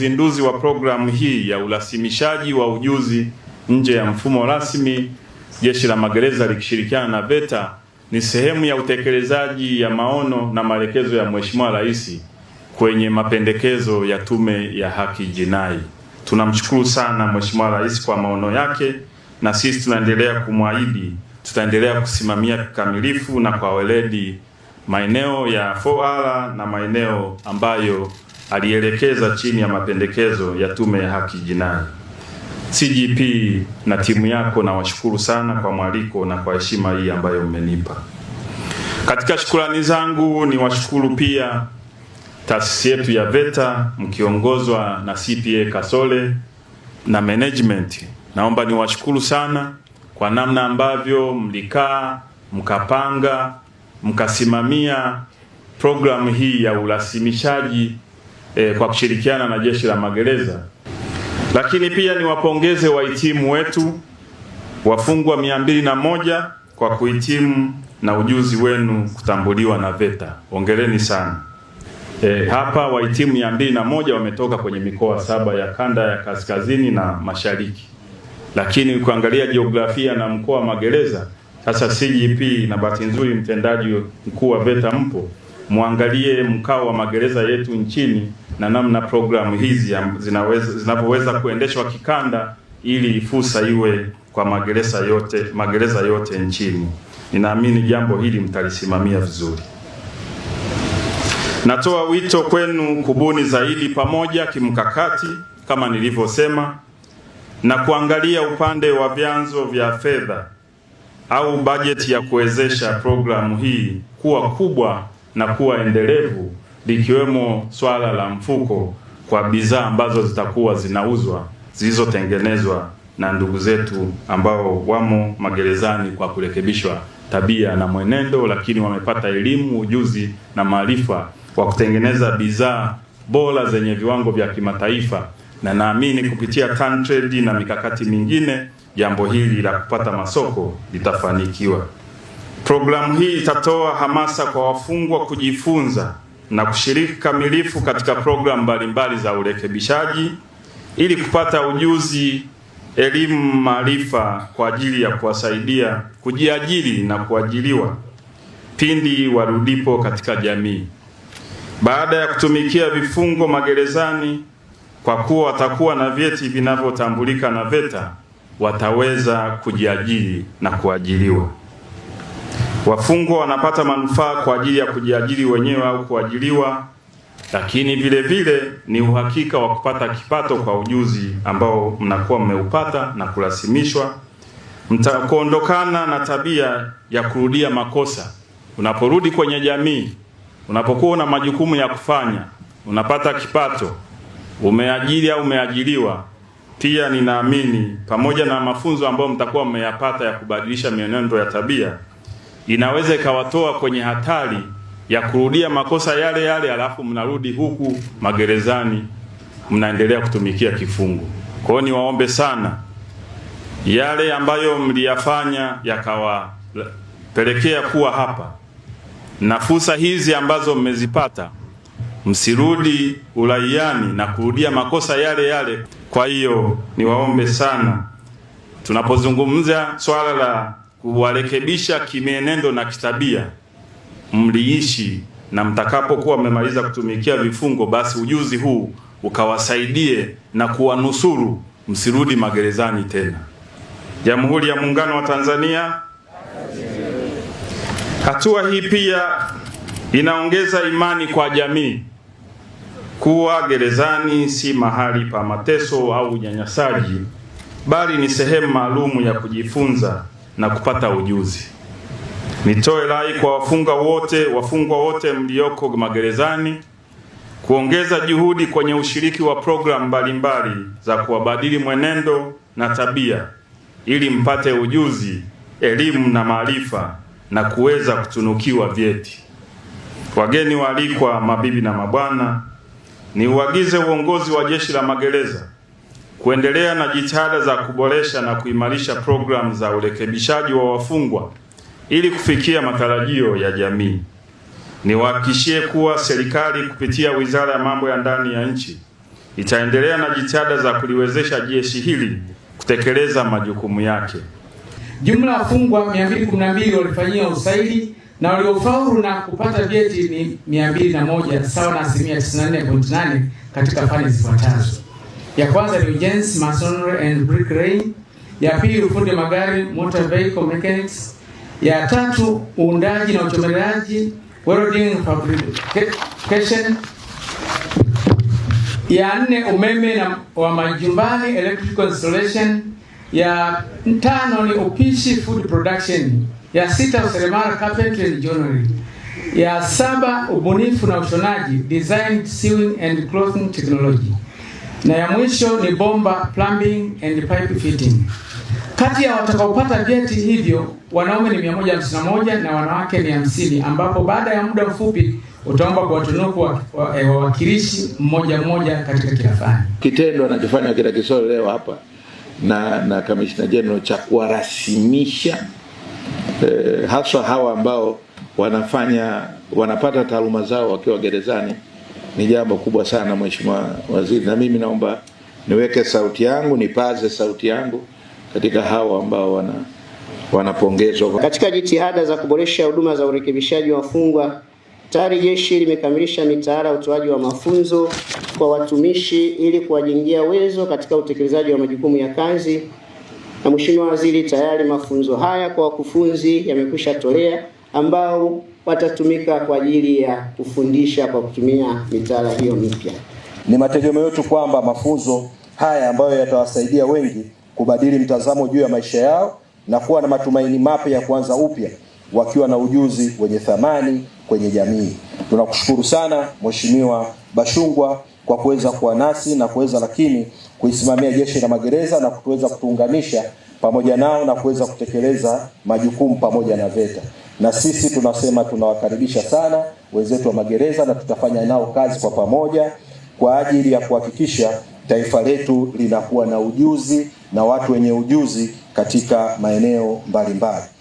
uzinduzi wa programu hii ya urasimishaji wa ujuzi nje ya mfumo rasmi, Jeshi la Magereza likishirikiana na VETA ni sehemu ya utekelezaji ya maono na maelekezo ya Mheshimiwa Rais kwenye mapendekezo ya Tume ya Haki Jinai. Tunamshukuru sana Mheshimiwa Rais kwa maono yake, na sisi tunaendelea kumwahidi tutaendelea kusimamia kikamilifu na kwa weledi maeneo ya 4R na maeneo ambayo alielekeza chini ya mapendekezo ya Tume ya Haki Jinai. CGP na timu yako, nawashukuru sana kwa mwaliko na kwa heshima hii ambayo mmenipa. Katika shukrani zangu ni washukuru pia taasisi yetu ya VETA mkiongozwa na CPA Kasole na management. Naomba niwashukuru sana kwa namna ambavyo mlikaa mkapanga mkasimamia programu hii ya urasimishaji e, kwa kushirikiana na jeshi la magereza. Lakini pia niwapongeze wahitimu wetu wafungwa mia mbili na moja kwa kuhitimu na ujuzi wenu kutambuliwa na VETA. Hongereni sana. E, hapa wahitimu mia mbili na moja wametoka kwenye mikoa saba ya kanda ya kaskazini na mashariki, lakini ukiangalia jiografia na mkoa wa magereza sasa, CGP na bahati nzuri mtendaji mkuu wa VETA mpo muangalie mkao wa magereza yetu nchini na namna programu hizi zinaweza zinavyoweza kuendeshwa kikanda ili fursa iwe kwa magereza yote, magereza yote nchini. Ninaamini jambo hili mtalisimamia vizuri. Natoa wito kwenu kubuni zaidi pamoja kimkakati kama nilivyosema, na kuangalia upande wa vyanzo vya fedha au bajeti ya kuwezesha programu hii kuwa kubwa na kuwa endelevu, likiwemo swala la mfuko kwa bidhaa ambazo zitakuwa zinauzwa zilizotengenezwa na ndugu zetu ambao wamo magerezani kwa kurekebishwa tabia na mwenendo, lakini wamepata elimu, ujuzi na maarifa kwa kutengeneza bidhaa bora zenye viwango vya kimataifa, na naamini kupitia TanTrade na mikakati mingine, jambo hili la kupata masoko litafanikiwa. Programu hii itatoa hamasa kwa wafungwa kujifunza na kushiriki kamilifu katika programu mbalimbali za urekebishaji ili kupata ujuzi, elimu, maarifa kwa ajili ya kuwasaidia kujiajiri na kuajiriwa pindi warudipo katika jamii baada ya kutumikia vifungo magerezani. Kwa kuwa watakuwa na vyeti vinavyotambulika na VETA, wataweza kujiajiri na kuajiriwa. Wafungwa wanapata manufaa kwa ajili ya kujiajiri wenyewe au kuajiriwa, lakini vile vile ni uhakika wa kupata kipato kwa ujuzi ambao mnakuwa mmeupata na kurasimishwa. Mtakuondokana na tabia ya kurudia makosa. Unaporudi kwenye jamii, unapokuwa na majukumu ya kufanya, unapata kipato, umeajiri au umeajiriwa pia ninaamini pamoja na mafunzo ambayo mtakuwa mmeyapata ya kubadilisha mienendo ya tabia inaweza ikawatoa kwenye hatari ya kurudia makosa yale yale, alafu mnarudi huku magerezani mnaendelea kutumikia kifungo. Kwa hiyo niwaombe sana, yale ambayo mliyafanya yakawapelekea kuwa hapa na fursa hizi ambazo mmezipata, msirudi uraiani na kurudia makosa yale yale. Kwa hiyo niwaombe sana, tunapozungumza swala la kuwarekebisha kimienendo na kitabia mliishi, na mtakapokuwa mmemaliza kutumikia vifungo, basi ujuzi huu ukawasaidie na kuwanusuru msirudi magerezani tena. Jamhuri ya Muungano wa Tanzania. Hatua hii pia inaongeza imani kwa jamii kuwa gerezani si mahali pa mateso au unyanyasaji, bali ni sehemu maalumu ya kujifunza na kupata ujuzi. Nitoe rai kwa wafunga wote wafungwa wote mlioko magerezani kuongeza juhudi kwenye ushiriki wa programu mbalimbali za kuwabadili mwenendo na tabia ili mpate ujuzi, elimu na maarifa na kuweza kutunukiwa vyeti. Wageni waalikwa, mabibi na mabwana, niuagize uongozi wa Jeshi la Magereza kuendelea na jitihada za kuboresha na kuimarisha programu za urekebishaji wa wafungwa ili kufikia matarajio ya jamii. Niwahakikishie kuwa serikali kupitia Wizara ya Mambo ya Ndani ya Nchi itaendelea na jitihada za kuliwezesha jeshi hili kutekeleza majukumu yake. Jumla ya wafungwa 212 walifanyia usaili na waliofaulu na kupata vyeti ni 201 sawa na asilimia 94.8 katika fani zifuatazo. Ya kwanza ni ujenzi, masonry and brick bricklaying. Ya pili ufundi magari, motor vehicle mechanics. Ya tatu uundaji na uchomeleaji, welding fabrication. Ya nne umeme na wa majumbani, electrical installation. Ya tano ni upishi, food production. Ya sita useremala, carpentry and joinery. Ya saba ubunifu na ushonaji, design, sewing and clothing technology na ya mwisho ni bomba plumbing and pipe fitting. Kati ya watakaopata vyeti hivyo wanaume ni 151 na wanawake ni 50, ambapo baada ya muda mfupi utaomba kuwatunuku wawakilishi wa, e, mmoja mmoja katika kila fani. Kitendo anachofanya kila Kisole leo hapa na na kamishna general cha kuwarasimisha e, haswa hawa ambao wanafanya wanapata taaluma zao wakiwa gerezani ni jambo kubwa sana, Mheshimiwa Waziri, na mimi naomba niweke sauti yangu, nipaze sauti yangu katika hawa ambao wana wanapongezwa katika jitihada za kuboresha huduma za urekebishaji wa wafungwa. Tayari jeshi limekamilisha mitaala ya utoaji wa mafunzo kwa watumishi ili kuwajengia uwezo katika utekelezaji wa majukumu ya kazi. Na Mheshimiwa Waziri, tayari mafunzo haya kwa wakufunzi yamekwisha tolea ambao watatumika kwa ajili ya kufundisha kwa kutumia mitaala hiyo mipya. Ni mategemeo yetu kwamba mafunzo haya ambayo yatawasaidia wengi kubadili mtazamo juu ya maisha yao na kuwa na matumaini mapya ya kuanza upya wakiwa na ujuzi wenye thamani kwenye jamii. Tunakushukuru sana Mheshimiwa Bashungwa kwa kuweza kuwa nasi na kuweza lakini kuisimamia Jeshi la Magereza na kutuweza kutuunganisha pamoja nao na kuweza kutekeleza majukumu pamoja na VETA na sisi tunasema tunawakaribisha sana wenzetu wa magereza, na tutafanya nao kazi kwa pamoja kwa ajili ya kuhakikisha taifa letu linakuwa na ujuzi na watu wenye ujuzi katika maeneo mbalimbali.